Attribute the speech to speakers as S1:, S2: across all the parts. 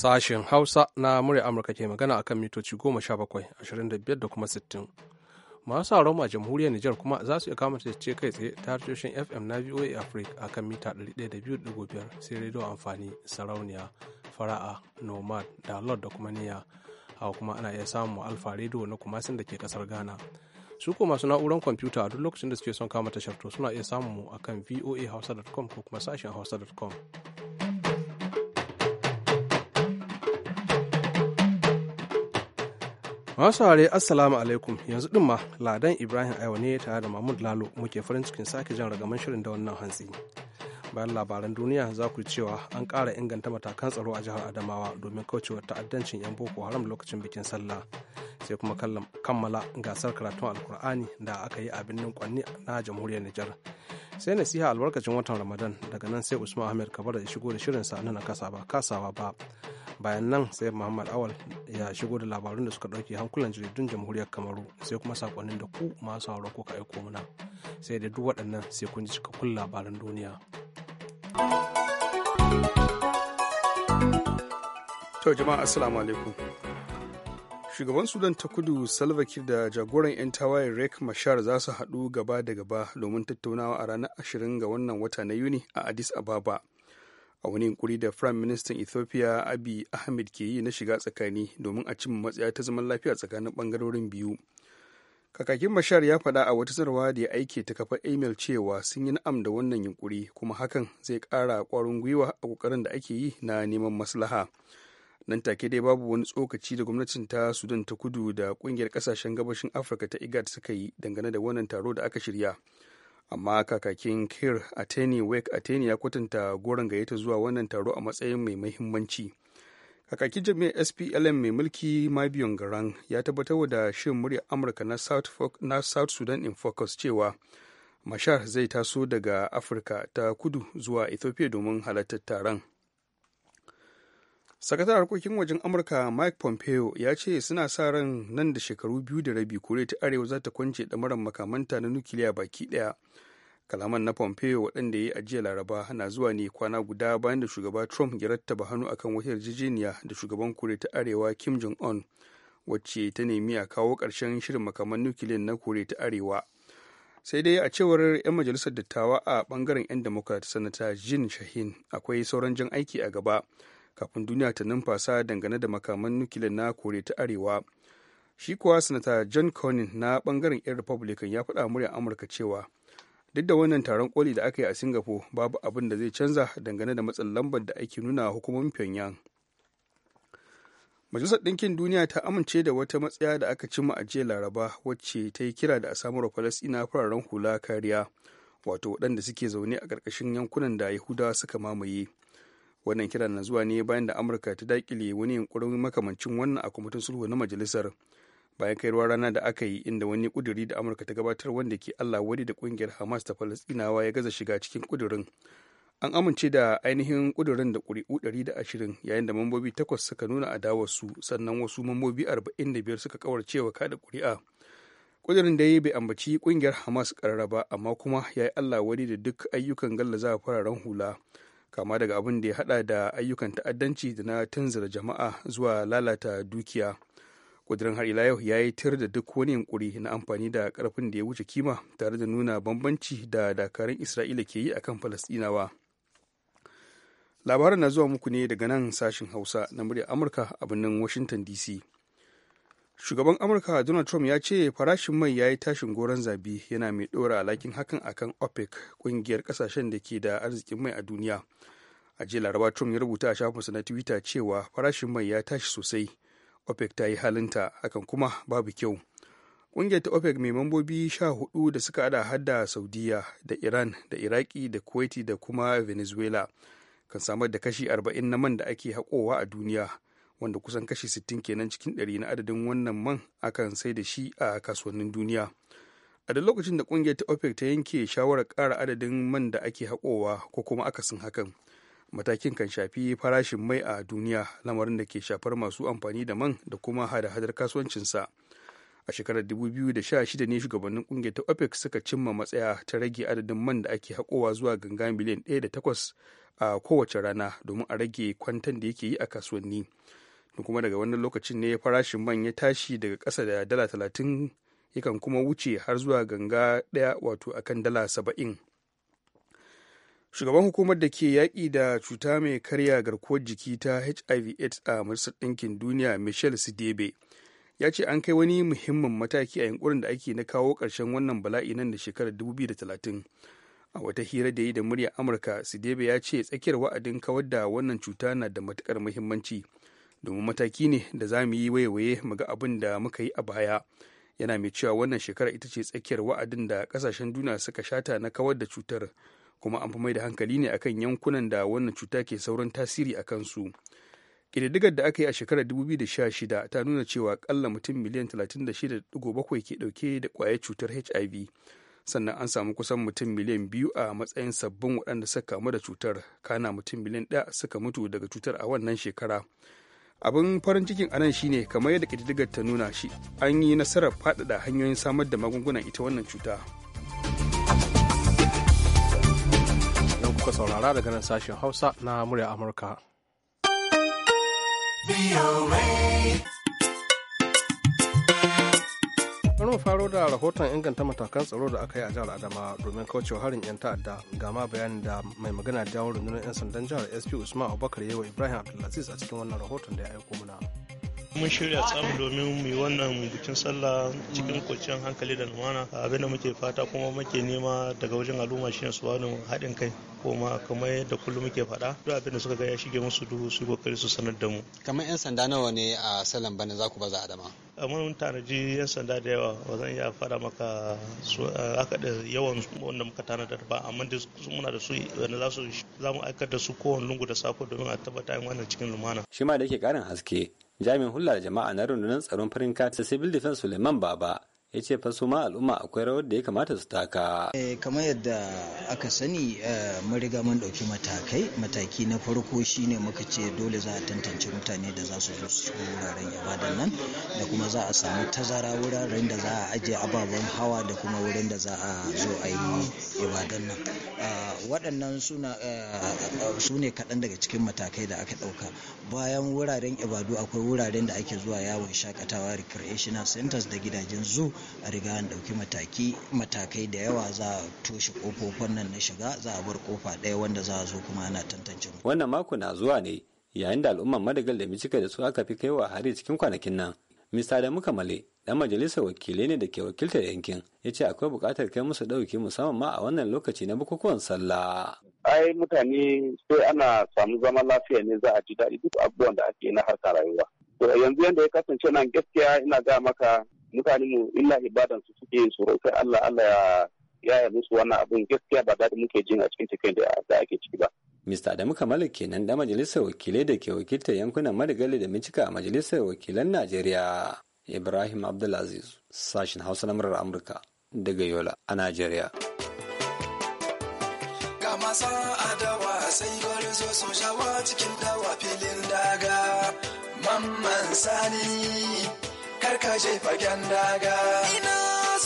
S1: Sashen Hausa na murya Amurka ke magana akan mitoci bakwai ashirin da kuma 60. Masu a a jamhuriyar Nijar kuma za su iya kama ce kai tsaye ta tashoshin FM na VOA Africa akan mita 102.5 sai rediyo amfani sarauniya fara'a nomad da lord da kuma niya hawa kuma ana iya samun alfa rediyo na kumasin da ke kasar Ghana. su kuma masu na'urar kwamfuta a duk lokacin da suke son kama tashar to suna iya samun mu voa hausa.com ko kuma sashen hausa.com. masu ware assalamu alaikum yanzu din ma ladan ibrahim aiwa ne tare da mahmud lalo muke farin cikin sake jan ragaman shirin da wannan hantsi bayan labaran duniya za ku cewa an kara inganta matakan tsaro a jihar adamawa domin kaucewa ta'addancin 'yan boko haram lokacin bikin sallah sai kuma kammala gasar karatun alkur'ani da aka yi a birnin kwanni na jamhuriyar nijar sai nasiha albarkacin watan ramadan daga nan sai usman ahmed kabar da shigo da shirin nan na kasawa ba bayan nan sai muhammad awal ya shigo da labarun da suka ɗauke hankulan jaridun jamhuriyar kamaru sai kuma sakonnin da ku masu ko ka aiko mana sai da duk waɗannan sai kun ji cikakkun
S2: labaran duniya to jama'a assalamu alaikum shugaban sudan ta kudu salva kiir da jagoran 'yan tawaye rek mashar za su haɗu gaba da gaba domin tattaunawa a ranar 20 ga wannan wata na yuni a addis ababa a wani yunkuri da firayim ministan ethiopia abi ahmed ke yi na shiga tsakani domin a cimma matsaya ta zaman lafiya tsakanin bangarorin biyu kakakin bashar ya faɗa a wata sanarwa da ya aike ta kafar email cewa sun yi na'am da wannan yunkuri kuma hakan zai ƙara ƙwarin gwiwa a ƙoƙarin da ake yi na neman maslaha nan take dai babu wani tsokaci da gwamnatin ta sudan ta kudu da ƙungiyar ƙasashen gabashin afirka ta igad suka yi dangane da wannan taro da aka shirya amma kakakin kir ateni wake ateni ya kwatanta goron gayyata zuwa wannan taro a matsayin mai muhimmanci kakakin jami'ar splm mai mulki mabiyon garan ya tabbatar da shirin muryar amurka na south, na south sudan in focus cewa mashar zai taso daga afirka ta kudu zuwa ethiopia domin halartar taron sakatar harkokin wajen amurka mike pompeo ya ce suna sa ran nan da shekaru biyu da rabi koriya ta arewa za ta kwance ɗamarar makamanta na nukiliya baki ɗaya kalaman na pompeo waɗanda ya yi a laraba na zuwa ne kwana guda bayan da shugaba trump ya rattaba hannu akan wata yarjejeniya da shugaban koriya ta arewa kim jong un wacce ta nemi a kawo ƙarshen shirin makaman nukiliyan na koriya ta arewa sai dai a cewar 'yan majalisar dattawa a bangaren 'yan democrat sanata jin shahin akwai sauran jan aiki a gaba kafin duniya ta numfasa dangane da makaman nukiliyar na kore ta arewa shi kuwa sanata john conin na bangaren 'yan republican ya faɗa murya amurka cewa duk da wannan taron koli da aka yi a singapore babu abin da zai canza dangane da matsin lambar da ake nuna hukumomin pyongyang majalisar ɗinkin duniya ta amince da wata matsaya da aka cimma a jiya laraba wacce ta yi kira da a samarwa falasɗina fararen hula kariya wato waɗanda suke zaune a ƙarƙashin yankunan da yahudawa suka mamaye wannan kiran na zuwa ne bayan da amurka ta dakile wani yunkurin makamancin wannan a kwamitin sulhu na majalisar bayan kairuwar rana da aka yi inda wani kuduri da amurka ta gabatar wanda ke allah wadi da kungiyar hamas ta falastinawa ya gaza shiga cikin kudurin an amince da ainihin kudurin da ƙuri'u 120 yayin da mambobi takwas suka nuna adawarsu sannan wasu mambobi arba'in da biyar suka wa kada ƙuri'a kudurin da ya bai ambaci kungiyar hamas karara ba amma kuma ya yi allah wadi da duk ayyukan gallaza fararen hula kama daga abin da ya hada da ayyukan ta'addanci da na tunzura jama'a zuwa lalata dukiya ƙudurin har ila yau ya yi tir da duk wani yankuri na amfani da ƙarfin da ya wuce kima tare da nuna bambanci da dakarun isra'ila ke yi akan falastinawa labaran na zuwa muku ne daga nan sashin hausa na muryar amurka a birnin washington dc shugaban amurka donald trump ya ce farashin mai ya yi tashin goron zabi yana mai ɗora alakin hakan akan opec ƙungiyar ƙasashen da ke da arzikin mai a duniya a jiya laraba trump ya rubuta a shafinsa na twitter cewa farashin mai ya tashi sosai opec ta yi halinta akan kuma babu kyau ƙungiyar ta opec mai mambobi sha hudu da suka hada hadda saudiya da iran da iraki da kuwaiti da kuma venezuela kan samar da kashi arba'in na man da ake haƙowa a duniya wanda kusan kashi 60 kenan cikin 100 na adadin wannan man akan sai da shi a kasuwannin duniya a da lokacin da kungiyar ta opec ta yanke shawarar ƙara adadin man da ake haƙowa ko kuma akasin hakan matakin kan shafi farashin mai a duniya lamarin da ke shafar masu amfani da man da kuma hada-hadar kasuwancinsa a shekarar 2016 ne shugabannin kungiyar ta opec suka cimma matsaya ta rage adadin man da ake haƙowa zuwa ganga miliyan 1.8 a kowace rana domin a rage kwantan da yake yi a kasuwanni kuma daga wannan lokacin ne farashin man ya tashi daga ƙasa da dala talatin yakan kuma wuce har zuwa ganga ɗaya wato a kan dala saba'in shugaban hukumar da ke yaƙi da cuta mai karya garkuwar jiki ta hiv aids a majalisar ɗinkin duniya michelle sidebe ya ce an kai wani muhimmin mataki a yankurin da ake na kawo ƙarshen wannan bala'i nan da shekarar 2030 a wata hira da yi da muryar amurka sidebe ya ce tsakiyar wa'adin kawar da wannan cuta na da matuƙar muhimmanci domin mataki ne da za mu yi waiwaye mu ga abin da muka yi a baya yana mai cewa wannan shekara ita ce tsakiyar wa'adin da kasashen duniya suka shata na kawar da cutar kuma an fi mai da hankali ne akan yankunan da wannan cuta ke sauran tasiri a kansu ƙididdigar da aka yi a shekarar 2016 ta nuna cewa kalla mutum miliyan 36.7 ke ɗauke da ƙwayar cutar hiv sannan an samu kusan mutum miliyan biyu a matsayin sabbin waɗanda suka kamu da cutar kana mutum miliyan ɗaya suka mutu daga cutar a wannan shekara abin farin cikin anan shine kamar yadda ƙididdigar ta nuna shi an yi nasarar faɗaɗa hanyoyin samar da magungunan ita wannan cuta nan kuka saurara daga
S1: nan sashen hausa na murya amurka bari mu faro da rahoton inganta matakan tsaro da aka yi a jihar adama domin kaucewa harin 'yan ta'adda ga ma bayanin da mai magana da yawon rundunar 'yan sandan jihar sp usman abubakar yawa ibrahim abdulaziz a cikin wannan rahoton da ya aiko mana.
S2: mun shirya tsam domin mu yi wannan bikin sallah cikin kwanciyar hankali da lumana abinda muke fata kuma muke nema daga wajen al'umma ne su bani haɗin kai kuma kamar yadda kullum muke faɗa duk abinda suka ga ya shige musu duhu su kokari su sanar da
S3: mu kamar yan sanda nawa ne a salon bana za ku baza adama mun tanaji yan sanda da yawa
S2: ba zan iya faɗa maka su aka da yawan wanda muka tanada ba amma da muna da su wanda za su za mu aikata su kowane lungu da sako domin a tabbata yin wannan cikin lumana
S3: shi ma da yake karin haske jami'in hulɗar jama'a na rundunar tsaron farin kati civil defense suleiman baba ya ce fa su ma al'umma akwai rawar da ya kamata su taka.
S4: Eh, kamar yadda aka sani eh, mun riga mun ɗauki matakai mataki na farko shine muka ce dole za a tantance mutane da za su zo su shigo wuraren ibadan nan da kuma za a samu tazara wuraren da za a ajiye ababen hawa da kuma wurin da za a zo a yi ibadan nan ah, waɗannan eh, su ne kaɗan daga cikin matakai da aka ɗauka bayan wuraren ibadu akwai wuraren da ake zuwa yawon shakatawa recreational centers da gidajen zoo a riga an ɗauki matakai da yawa za a toshe ƙofofin nan na shiga za a bar ƙofa ɗaya wanda za a zo kuma ana tantance
S3: wannan mako na zuwa ne yayin da al'umman madagal da mijika da su aka fi kaiwa hari cikin kwanakin nan mista da muka male dan majalisar wakilai ne da ke wakiltar yankin ya ce akwai buƙatar kai musu ɗauki musamman ma a wannan lokaci na bukukuwan sallah.
S4: ai mutane sai ana samu zaman lafiya ne za a ji daɗi duk abubuwan da ake na harkar rayuwa to yanzu yadda ya kasance nan gaskiya ina ga maka mutane mu illa
S3: ibadan su suke su roƙi Allah Allah ya yi musu wannan abun gaskiya ba daɗi muke jin a cikin cikin da ake ciki ba. Mista Adamu Kamal kenan da majalisar wakilai da ke wakiltar yankunan Marigali da Michika a majalisar wakilan Najeriya. Ibrahim Abdulaziz, sashen Hausa na murar Amurka daga Yola a Najeriya.
S5: Ga a adawa sai gwari zo sun shawa cikin dawa filin daga, mamman sani karkashe fagen daga.
S2: Ina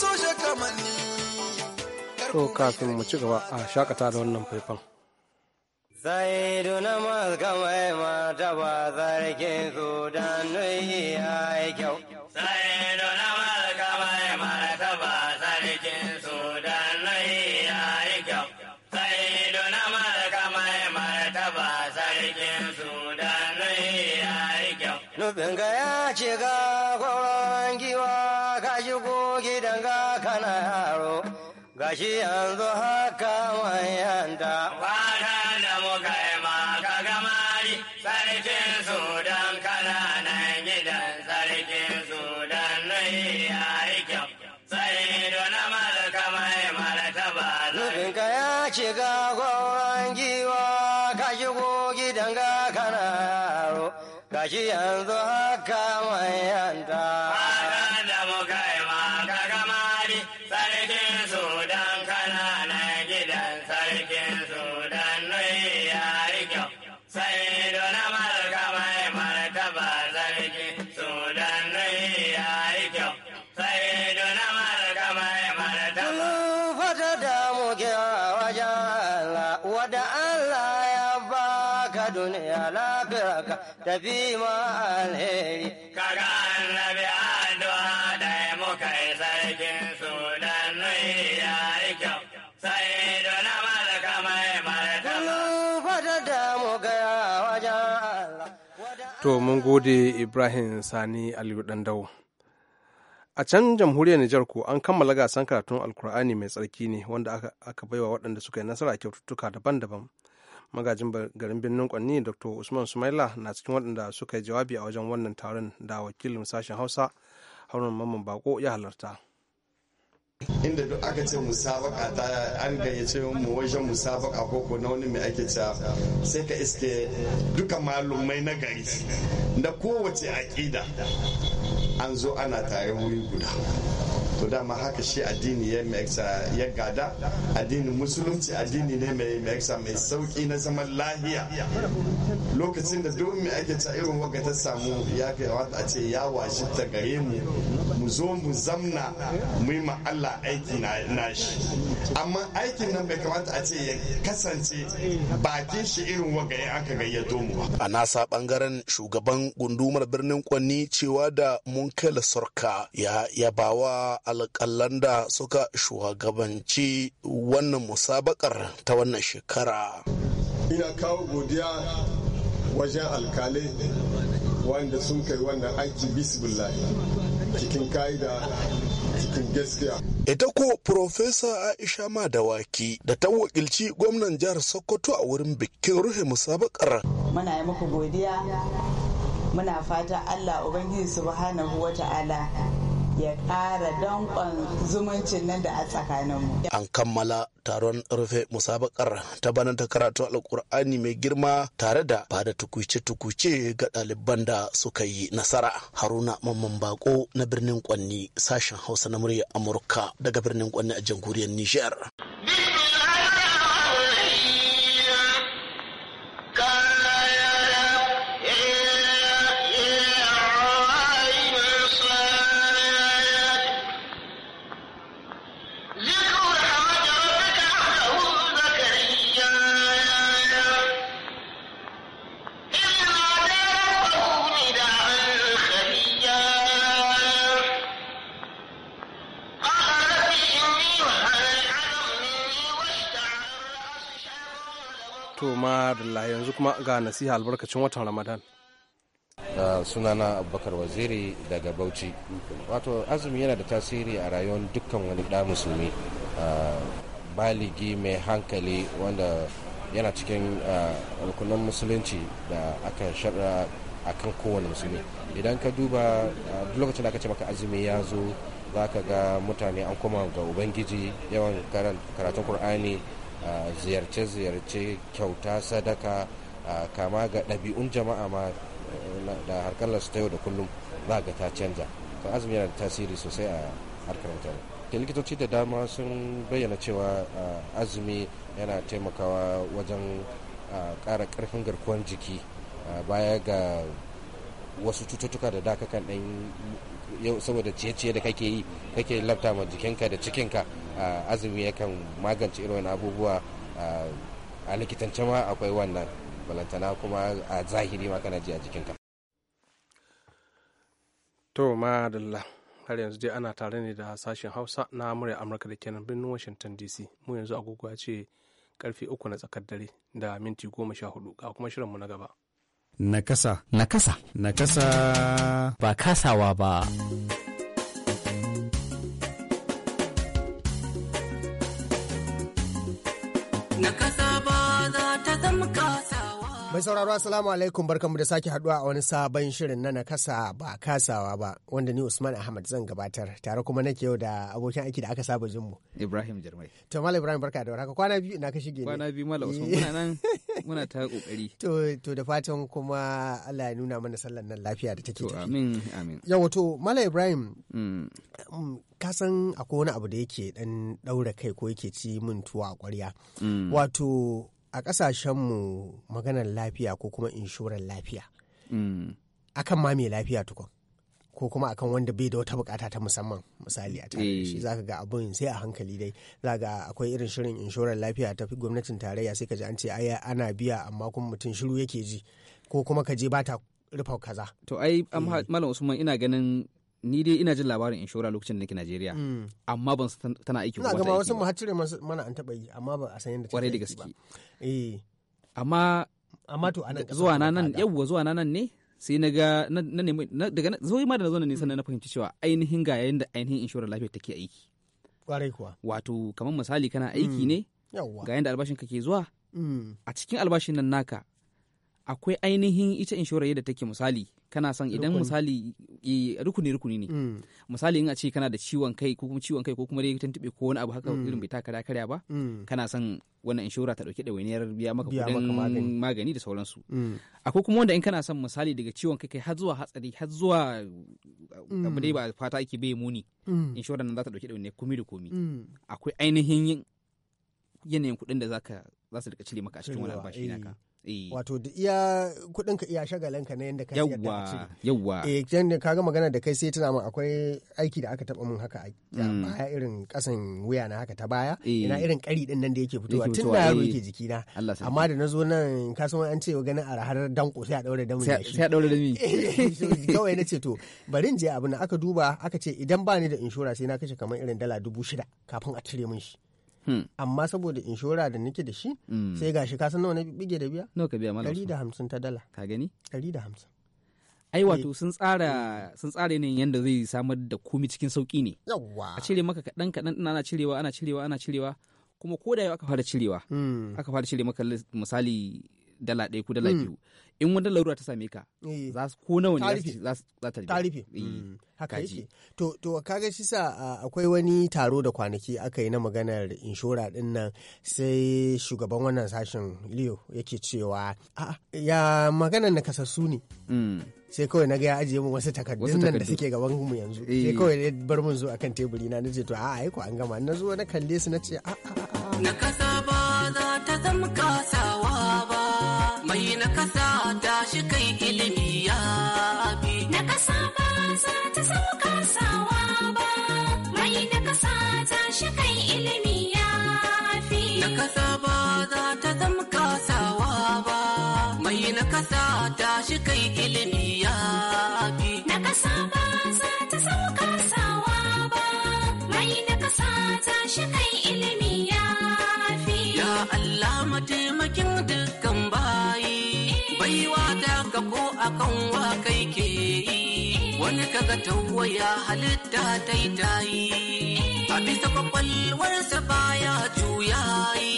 S2: soja kamanni.
S1: To kafin mu ci gaba a shakata da wannan faifan.
S4: Zaidu na masu gamai mata ba
S6: zargin su ya yi kyau. shi yanzu haka da Wata da muka yi maka gamari sarkin don kananan gidan
S4: sarkin Sudan ya yi kyau Sai na malaka mai martaba.
S6: ka ya shiga goron giwa ka shigo gidan ga kana yaro.
S4: shi yanzu haka da.
S6: annabi ma alheri
S7: kaga annabi addu'a da muka yi
S2: sarkin sudan nai ya yi kyau
S5: sai dole malaka mai martaba fata da mu gaya wajen
S1: Allah to mun gode Ibrahim Sani Aliyu Dandau A can jamhuriyar Nijar ko an kammala gasan karatun Alkur'ani mai tsarki ne wanda aka, aka baiwa waɗanda suka yi nasara kyaututtuka daban-daban. magajin garin birnin kwanni dr usman sumaila na cikin waɗanda suka yi jawabi a wajen wannan taron da wakilin sashen hausa harun mamman bako ya halarta
S2: inda duk aka ce musabaka ta an gayyace mu wajen musabaka ko ko na wani mai ake cewa sai ka iske duka malumai na gari da kowace aƙida an zo ana tare wuri guda to dama haka shi addini ya ya gada addinin musulunci addini ne mai mai sauki na zaman lahiya lokacin da duk mai ake ta irin waka ta samu ya kamata a ce ya washi ta gare mu mu zo mu zamna mu yi Allah aiki na shi amma aikin nan bai kamata a ce ya kasance bakin shi irin waga ya aka gayyato mu a nasa bangaren shugaban
S4: gundumar birnin kwanni cewa da mun sorka ya yabawa alƙalan da suka shugabanci wannan musabakar ta wannan shekara. Ina kawo godiya wajen alkalai wanda sun kai wannan aiki bisbillahi cikin ka'ida
S2: cikin gaskiya. Ita ko Profesa Aisha Madawaki da ta wakilci gwamnan jihar Sokoto a wurin bikin rufe musabakar.
S7: Muna yi muku godiya, muna fata Allah Ubangiji Subhanahu wa ta'ala ya ƙara danƙon zumuncin nan da a tsakaninmu. An
S4: kammala taron rufe musabakar ta bana ta karatun alkur'ani mai girma tare da ba da tukuce-tukuce ga ɗaliban da suka yi nasara. Haruna Mamman Bako na birnin Kwanni sashen Hausa na murya Amurka daga birnin Kwanni a jamhuriyar Nijar.
S1: madalla yanzu kuma ga nasiha albarkacin watan Ramadan.
S5: sunana abubakar waziri daga bauchi
S1: wato azumi yana da tasiri
S5: a rayuwar dukkan wani ɗa musulmi ah, baligi mai hankali wanda yana cikin ah, rukunan musulunci da aka shaɗa a kan kowane musulmi idan ka duba ah, duk lokacin da aka ce maka azumi ya zo za ka ga mutane an koma ga ubangiji yawan karatun kur'ani ziyarce-ziyarce kyauta sadaka kama ga ɗabi'un jama'a ma eh, da harkar ta yau da kullum za ga ta canza to azumi yana da tasiri sosai a harkar mutane da likitoci da dama sun bayyana cewa azumi yana taimakawa wajen ƙara ƙarfin garkuwar jiki baya ga wasu cututtuka da dakakan ɗan yau saboda ciye-ciye da kake yi kake lafta ma jikinka da cikinka Ah, azumi yakan magance irin wani abubuwa ah, a likitance ma akwai wannan balantana kuma a zahiri ma kana ji a jikinka
S1: to madalla har yanzu dai ana tare ne da sashen hausa na murya amurka da kenan birnin washington dc mu yanzu agogo ce karfe uku na tsakar dare da minti goma sha hudu ga kuma shirinmu na gaba
S2: nakasa nakasa nakasa ba kasawa ba
S5: na kasa ba za ta
S6: Mai sauraro Assalamu alaikum barkanmu da sake haduwa a wani sabon shirin na nakasa ba kasawa ba wanda ni Usman Ahmad zan gabatar tare kuma nake yau da abokin aiki da aka saba jinmu.
S7: Ibrahim Jirmai.
S6: To Malam Ibrahim barka da warhaka kwana biyu ina ka shige ne. Kwana biyu Mala Usman kuna nan
S7: muna ta kokari
S6: to to da fatan kuma Allah ya nuna mana sallan nan lafiya da take tafi
S7: amin amin
S6: yawa to mala ibrahim mm. Mm, ka san akwai wani abu da yake dan daura kai ko yake ci min tuwa a ƙwarya mm. wato a ƙasashenmu maganar lafiya ko kuma inshorar lafiya akan ma mai lafiya tukun ko kuma akan wanda bai da wata bukata ta musamman misali a tare shi eh. zaka ga abun sai a hankali dai zaka ga akwai irin shirin inshorar lafiya ta gwamnatin tarayya sai ka ji an ce ana biya amma kuma mutum shiru yake ji ko kuma ka je bata rufa kaza
S7: to ai eh. malam usman ina ganin ni dai ina jin labarin inshora lokacin da nake Najeriya hmm. amma ban san tana aiki ko ba. Ina gama wasu mu
S6: mana an taba yi amma ba a san yadda take. Kwarai da gaske.
S7: Eh. Amma amma to anan zuwa nan yawwa zuwa na nan ne sai na ga na nemi daga zo ma da na zo na nisan na fahimci cewa ainihin ga yayin da ainihin inshorar lafiya take aiki kwarai kuwa wato kamar misali kana aiki mm. ne ga yayin da albashin ka ke zuwa mm. a cikin albashin nan naka akwai ainihin ita inshorar yadda take misali kana son idan misali rukuni rukuni ne mm. misali in a ce kana da ciwon kai ko kuma ciwon kai ko kuma dai tube ko wani abu haka mm. irin bai taka karya ba mm. kana son wannan inshora ta dauke ɗawainiyar biya maka kudin magani da sauransu akwai kuma wanda in kana son misali daga ciwon kai kai har zuwa hatsari har zuwa abu dai ba fata ake bai muni inshora nan za ta dauke ɗawainiyar komi da komi akwai ainihin yanayin kuɗin da za su rika cire maka a cikin wani albashi naka eh. Eh.
S6: wato da iya kudin ka iya shagalan ka na yanda ka yadda ka cire
S7: yawwa eh
S6: dan kaga magana da kai sai tana min akwai aiki da aka taba mun haka a mm. baya irin kasan wuya na haka ta baya eh. ina irin kari din nan da yake fitowa tun da yaro eh. yake jiki na amma da nazo nan ka san an ce ganin arahar danko sai a daure da mun sai a daure da mi kawai na ce to bari in je abin aka duba aka ce idan ba ni da inshora sai na kashe kamar irin dala dubu shida kafin a cire mun shi Hmm. amma saboda inshora da nake da shi hmm. sai gashi ka san nawa na bige da biya nawa ka biya mala hamsin ta dala ka gani hamsin
S7: ai eh. wato sun tsara sun tsara ne yanda zai samar da komi cikin sauki ne yawa a cire maka kaɗan kaɗan ana cirewa ana cirewa ana cirewa kuma ko da yau aka fara cirewa hmm. aka fara cire maka misali dala ɗaya ko dala biyu in wanda larura ta same ka
S6: eh. za su ko nawa ne za ta rufe eh, mm. haka yake to to kaga shi sa akwai wani taro da kwanaki aka yi na maganar inshora din nan sai shugaban wannan sashen Leo yake cewa ya maganar na kasassu ne mm. sai kawai na ga ya ajiye mu wasu takardun nan da suke gaban mu yanzu eh. sai kawai ya bar mun zo akan teburi na nace to a'a ai ko an gama na zo na kalle su na ce a'a
S5: na kasa ba za ta zama ta tashi kai ilimi ya fi. Na kasa ba za ta samu kasawa ba, mai na kasa tashi kai ilimi ya fi. Ya Allah mataimakin dukkan bayi, eh. baiwa da ka ko akan wa kai ke yi. Eh. Wani kaga tawaya halitta ta yi tayi eh. a bisa kwakwalwarsa baya juya yi,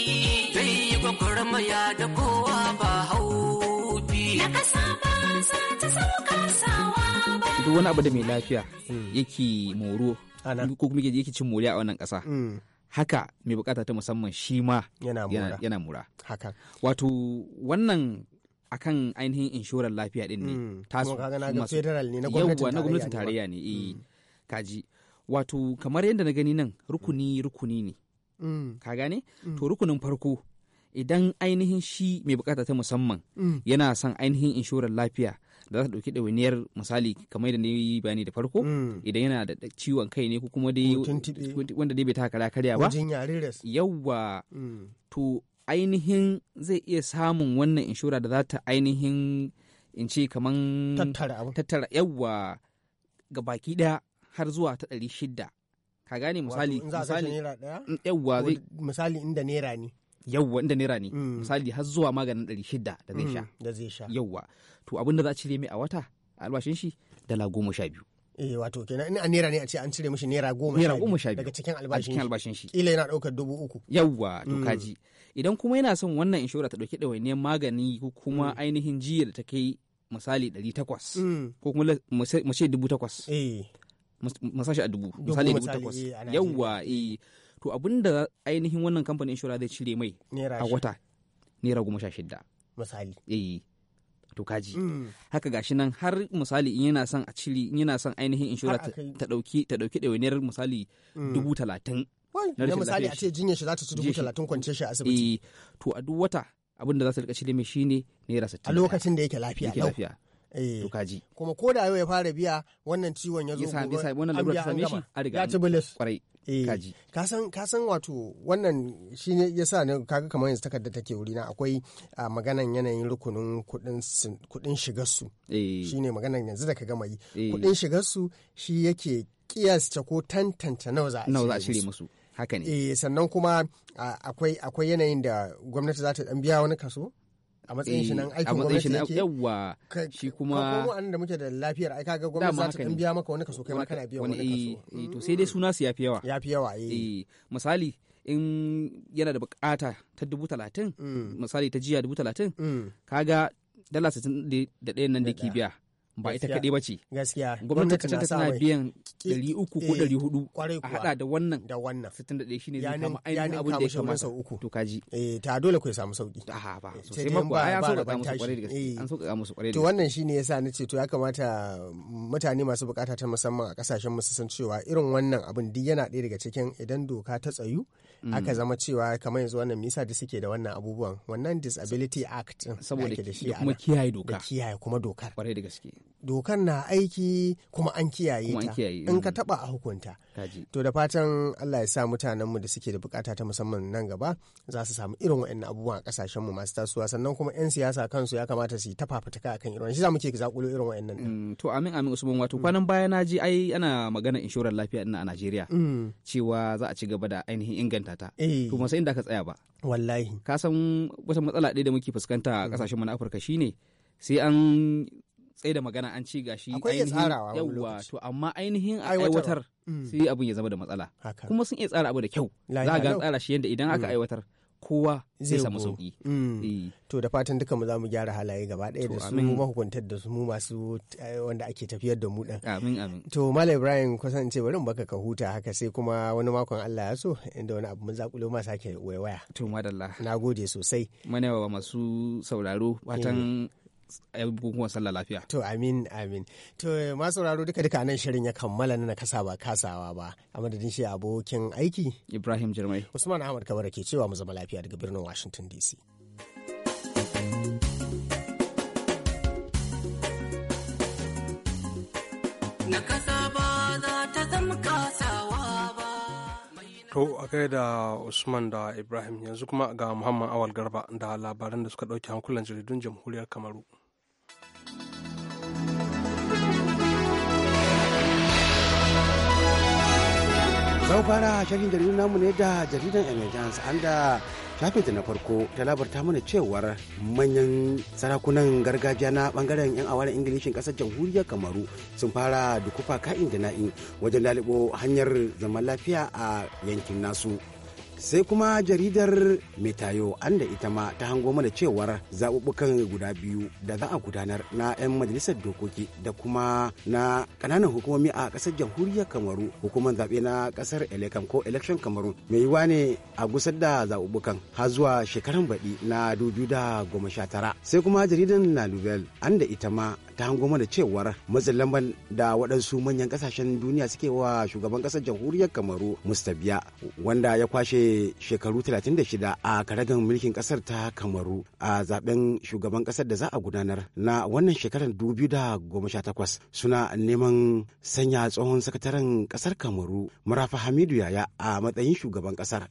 S5: zai yi gwagwarmaya da kowa ba hau.
S7: duk wani abu da mai lafiya hmm. yake moro ko kuma yake cin moriya a wannan kasa. Hmm. haka mai bukata ta musamman shi ma yana mura wato wannan akan ainihin inshorar lafiya din ne hmm. tasu ne na gwamnatin tarayya ne eh kaji wato kamar yadda na gani nan rukuni rukuni ne ka gane to rukunin farko idan ainihin shi mai bukata ta musamman mm. yana son ainihin inshorar lafiya da za ta ɗauki dawainiyar misali kamar da yi bayani da farko mm. idan yana da ciwon kai ne ko kuma dai wanda dai bai ta kara karya ba yawwa mm. to ainihin zai iya samun wannan inshora da za ta ainihin in ce kamar tattara yawwa ga baki ɗaya har zuwa ta ɗari shidda ka gane misali misali
S6: yawwa misali inda naira ne
S7: yawwa inda naira ne mm. misali har zuwa maganin ɗari shida da zai mm, sha da zai sha yawwa to abin da za a cire mai a wata albashin shi dala goma sha biyu
S6: eh wato kenan in a naira ne a ce an cire mishi naira goma naira goma sha biyu daga cikin albashin cikin albashin shi kila yana ɗaukar dubu uku
S7: yawwa to mm. kaji idan kuma yana son wannan inshora ta ɗauki ɗawainiyar magani ko kuma ainihin jiya da ta kai misali ɗari takwas ko kuma mu ce dubu takwas eh. mu sashi a dubu misali dubu takwas yawwa eh to abin da ainihin wannan kamfanin inshora zai cire mai a wata naira goma sha shida misali eh to kaji mm. haka gashi nan har misali in yana son a cire in yana son ainihin inshora ta dauki ta dauki ɗawainiyar misali mm. dubu talatin na misali a ce
S6: jinyar shi za ta ci dubu talatin kwance shi a asibiti
S7: eh, to a duk wata abin da za su rika cire mai shine naira sittin a lokacin da yake lafiya lafiya eh. to kaji
S6: kuma ko da yau ya fara biya wannan ciwon ya zo gobe an biya an gama ya ci bilis kwarai Eh, kaji kasan wato wannan shi ne ya sa kaga kamar yanzu takarda take wuri na akwai ah, maganan yanayin rukunin kudin shigarsu eh. shi ne maganan yanzu da ka gama yi eh. kudin shigarsu shi yake kiyasta ko tantance nawa za a shirye musu sannan kuma ah, akwai akwai yanayin da gwamnati za ta dan biya wani kaso a matsayin shi nan eh, aikin gwamnati yake
S7: yawa shi kuma ko
S6: da muke da lafiyar ai kaga gwamnati za ta biya maka wani kaso kai ma kana biya wani
S7: kaso eh, eh, to sai dai suna su yafi yawa yafi yawa eh misali in yana da bukata ta dubu talatin mm. misali ta jiya dubu talatin mm. kaga dala sittin da ɗayan nan da ke biya ba ita kaɗai ba ce
S6: gaskiya gwamnati ta tana biyan 300 ko 400 eh, a hada da
S7: wannan da wannan da 61 shine zai kama ainihin abin da ya kamata sau
S6: uku to kaji eh ta dole ku samu sauki a ba eh, sosai ma ba ya sauka musu kwarai da gaske eh. an sauka su kwarai da gaske to wannan shine yasa ce to ya kamata mutane masu bukata ta musamman a kasashen mu su san cewa irin wannan abin duk yana ɗaya daga cikin idan doka ta tsayu aka mm. zama cewa kamar yanzu wannan misa da suke da wannan abubuwan wannan disability act saboda da kuma kiyaye doka da kiyaye kuma dokar kwarai da gaske dokar na aiki kuma an kiyaye ta in ka mm. taba a hukunta to da fatan Allah ya sa mutanen mu da suke da bukata ta musamman nan gaba za su samu irin waɗannan abubuwan a kasashen mu masu tasowa sannan kuma yan siyasa kansu ya kamata su yi tafafutuka akan irin shi za mu ke zakulo irin waɗannan
S7: mm, to amin amin Usman wato kwanan baya na ji ai ana magana inshorar lafiya a Najeriya cewa za a ci gaba da ainihin inganta inganta ta eh. to sai inda ka tsaya ba
S6: wallahi ka san
S7: wata matsala ɗaya da muke fuskanta a kasashen mm. mu na Afirka shine sai an tsaye da magana an ci gashi ainihin yawwa to amma ainihin a aiwatar mm. sai abin ya zama da matsala kuma sun iya tsara abu da kyau za ga tsara shi yadda idan aka mm. aiwatar
S6: kowa zai samu sauki. Mm. Eh. To da fatan duka mu za mu gyara halaye gaba ɗaya da su mahukuntar da su mu masu eh, wanda ake tafiyar da mu ɗan. Amin amin. To Malam Ibrahim kusan ce bari mu baka ka huta haka sai kuma wani makon Allah ya so inda wani abu mun zakulo ma sake waiwaya. To madalla. Na gode sosai.
S7: Manewa masu sauraro fatan eh. bukukuwan sallah lafiya.
S6: To amin amin. To masu sauraro duka duka nan shirin ya kammala na kasa ba kasawa ba. A madadin shi abokin aiki. Ibrahim Jirmai. Usman Ahmad Kabara ke cewa mu zama lafiya daga birnin Washington DC.
S5: Na
S1: To a kai da Usman da Ibrahim yanzu kuma ga Muhammad Awal Garba da labaran da suka ɗauki hankulan jaridun jamhuriyar Kamaru.
S4: zau fara shirin jaridun namu ne da jaridan emergence an da shafinta na farko ta labarta mana cewar manyan sarakunan gargajiya na bangaren yan awarin ingilishin kasar jamhuriyar kamaru sun fara dukufa ka'in da na'in wajen lalibo hanyar zaman lafiya a yankin nasu sai kuma jaridar metayo anda ita ma ta hango mana cewar zaɓuɓɓukan guda biyu da za a gudanar na 'yan majalisar dokoki da kuma na ƙananan hukumomi a ƙasar jamhuriyar kamaru hukumar zaɓe na ƙasar elekan ko election kamaru mai yiwa ne a gusar da zaɓuɓɓukan har zuwa shekaran baɗi na 2019 sai kuma jaridar la nouvelle anda ita ma ta hangoma da cewar matsin lamban da waɗansu manyan ƙasashen duniya suke wa shugaban ƙasar jamhuriyar kamaru mustabiya wanda ya kwashe shekaru 36 a karagan mulkin ƙasar ta kamaru a zaben shugaban ƙasar da za a gudanar na wannan shekarar 2018 suna neman sanya tsohon sakataren ƙasar kamaru marafa hamidu yaya a matsayin shugaban ƙasar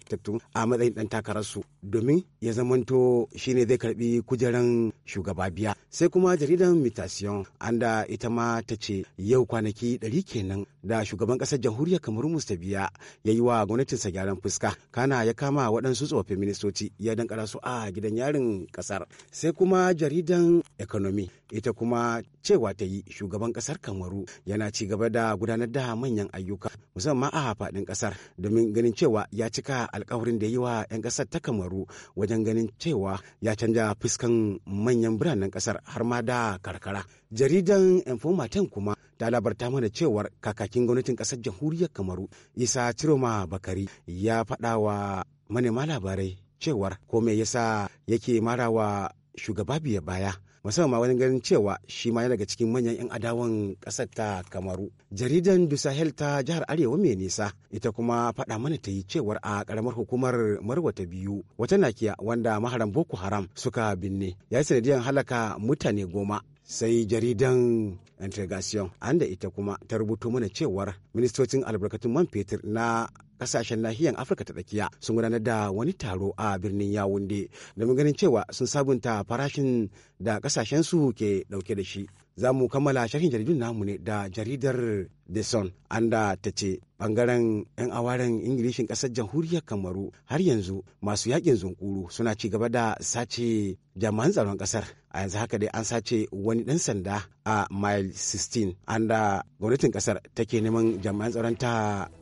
S4: a matsayin ɗan takararsu domin ya zamanto shine zai karbi kujeran shugaba biya sai kuma jaridan mitasiyon anda an da ita ma ta ce yau kwanaki ɗari kenan da shugaban ƙasar jamhuriyar Kamaru Musta Biya ya yi wa gwamnatinsa gyaran fuska kana ya kama waɗansu tsofaffin ministoci ya dankara su a gidan yarin kasar. sai kuma jaridan economy ita kuma cewa ta yi shugaban ƙasar Kamaru yana ci gaba da gudanar da manyan ayyuka musamman a faɗin ƙasar domin ganin cewa ya cika alkawarin da yi wa 'yan ƙasar ta Kamaru wajen ganin cewa ya canja fuskan manyan biranen ƙasar har ma da karkara jaridan informaten kuma ta labarta mana cewar kakakin gwamnatin kasar jamhuriyar kamaru isa ciroma bakari ya faɗa wa manema labarai cewar komai ya yasa yake marawa shugaba biya baya musamman ma wani ganin cewa shi ma yana daga cikin manyan 'yan adawan ƙasar ta kamaru jaridan du ta jihar arewa mai nisa ita kuma faɗa mana ta yi cewar a ƙaramar hukumar marwa ta biyu wata nakiya wanda maharan boko haram suka binne ya yi sanadiyar halaka mutane goma sai jaridan integration an da ita kuma ta rubuto mana cewar ministocin albarkatun man fetur na kasashen nahiyar afirka ta tsakiya sun gudanar da wani taro a birnin yawunde domin ganin cewa sun sabunta farashin da kasashensu ke dauke da shi za mu kammala shafin jaridun namu ne da jaridar the sun anda ta ce bangaren 'yan awaren ingilishin kasar jamhuriyar kamaru har yanzu masu yakin zunkuru suna ci gaba da sace jami'an tsaron kasar a yanzu haka dai an sace wani dan sanda a mile 16 anda gwamnatin kasar take neman jami'an tsaron ta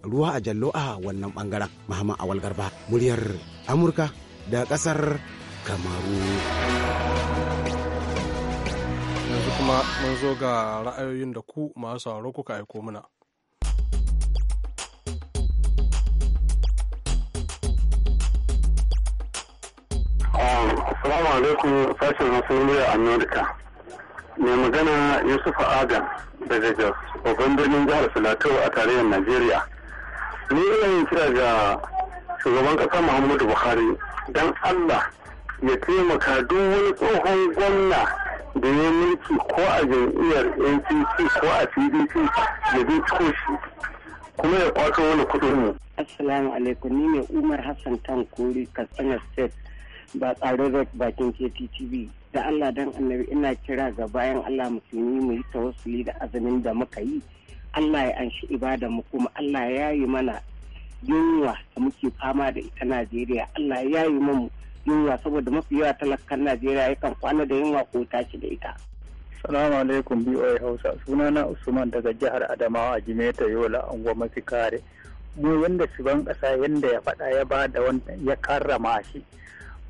S4: ruwa a jallo a wannan bangaren muhammad awal garba muryar amurka da kasar kamaru.
S1: kuma mun zo ga ra'ayoyin da ku masu sauraro kuka aiko mana.
S3: salamu alaikum sashen musulmi a Amurka. Mai magana Yusuf Adam daga Jos, babban birnin jihar Filato a tarayyar Najeriya. Ni ina yin
S6: kira ga shugaban ƙasar Muhammadu Buhari don Allah ya taimaka duk wani tsohon gwamna da ya mulki ko a jam'iyyar NCC
S5: ko a PDP ya zai ciko shi
S4: kuma ya kwato wani kudin mu. Assalamu alaikum ni ne Umar Hassan Tan Kori Katsina State ba da bakin KTTV da Allah dan annabi ina kira ga bayan Allah musulmi mu yi tawassuli da azumin da muka yi Allah ya anshi ibada mu kuma Allah ya yi mana yunwa da muke fama da ita Najeriya Allah ya yi mamu yunwa saboda mafi yawa talakan najeriya yakan kwana da yunwa ko tashi da ita
S2: salamu alaikum boa hausa
S6: sunana usman daga jihar adamawa a jimeta yola anguwa mafi kare mu yanda shugaban kasa yanda ya faɗa ya ba da ya karrama shi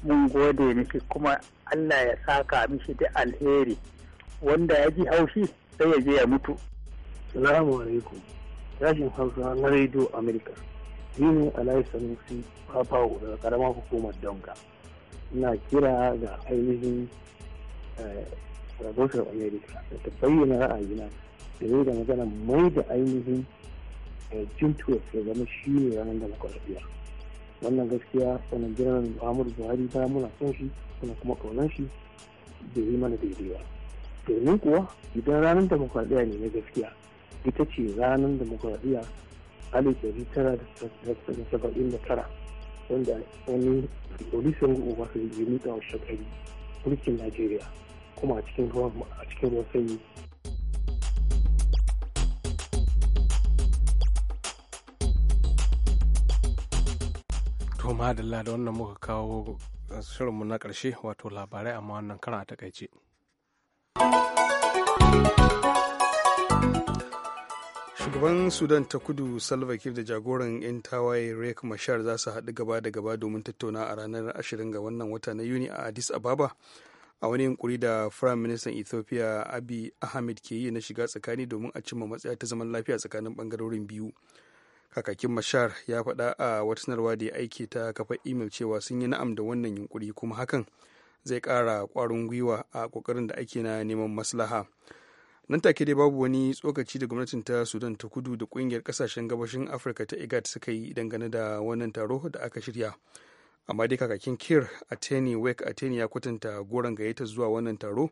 S6: mun gode miki kuma
S3: allah ya saka mishi da alheri wanda ya ji haushi sai ya je ya mutu salamu alaikum sashin hausa na radio america ni ne alayi sanusi papa daga karamar hukumar donga ina kira ga ainihin eh, rabotar america da ta bayyana ra'ayina da zai da magana mai da ainihin eh, jintuwa ya zama shi ne ranar da makwarafiya wannan gaskiya wannan jiran Amadu buhari ta muna son shi kuma kuma ƙaunar shi da yi mana daidaiwa. domin kuwa idan ranar makwarafiya ne na gaskiya ita ce ranar demokuraɗiyya alif da tara da da tara wanda wani olusegun su yi mita wa shakari mulkin najeriya kuma a cikin ruwan sanyi
S1: to madalla da wannan muka kawo shirinmu na ƙarshe wato labarai amma wannan karan a takaice.
S2: shugaban sudan ta kudu salva kiir da jagoran 'yan tawaye rek mashar za su haɗu gaba da gaba domin tattauna a ranar 20 ga wannan wata na yuni a addis ababa a wani yunkuri da firayim ministan ethiopia abi ahmed ke yi na shiga tsakani domin a cimma matsaya ta zaman lafiya tsakanin bangarorin biyu kakakin mashar ya faɗa a wata sanarwa da ya aike ta kafar imel cewa sun yi na'am da wannan yunkuri kuma hakan zai ƙara ƙwarin gwiwa a kokarin da ake na neman maslaha. nan take dai babu wani tsokaci da gwamnatin ta sudan ta kudu da kungiyar kasashen gabashin afirka ta igat suka yi dangane da wannan taro da aka shirya amma dai kakakin kir ateni wek ateni ya kwatanta goron gayyata zuwa wannan taro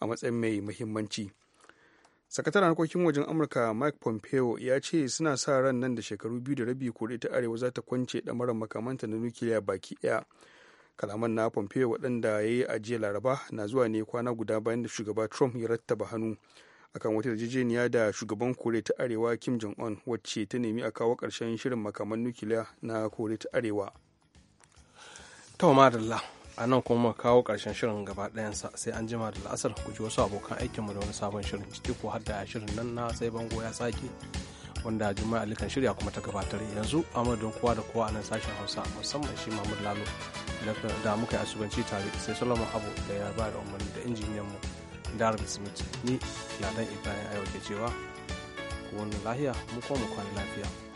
S2: a matsayin mai muhimmanci sakataren kokin wajen amurka mike pompeo ya ce suna sa ran nan da shekaru biyu da rabi koriya ta arewa za ta kwance ɗamarar makamanta na nukiliya baki ɗaya kalaman na pompeo waɗanda ya yi ajiye laraba na zuwa ne kwana guda bayan da shugaba trump ya rattaba hannu akan wata yarjejeniya da shugaban kore ta arewa kim jong-un wacce ta nemi a kawo karshen shirin makaman nukiliya na kore ta arewa
S1: tawamadalla a nan kuma kawo karshen shirin gaba ɗayansa sai an jima da la'asar ku ji wasu abokan aikinmu da wani sabon shirin ciki ko hadda shirin nan na sai bango ya sake wanda jima'a alikan shirya kuma ta gabatar yanzu don kowa da kowa a nan sashen hausa musamman shi mahmud lalo da muka yi asubanci tare sai solomon abu da ya ba da umarni da injiniyanmu mu darul smith ni dan ibrahim ayo ke cewa ku wani lahiya mu kuma mu kwana lafiya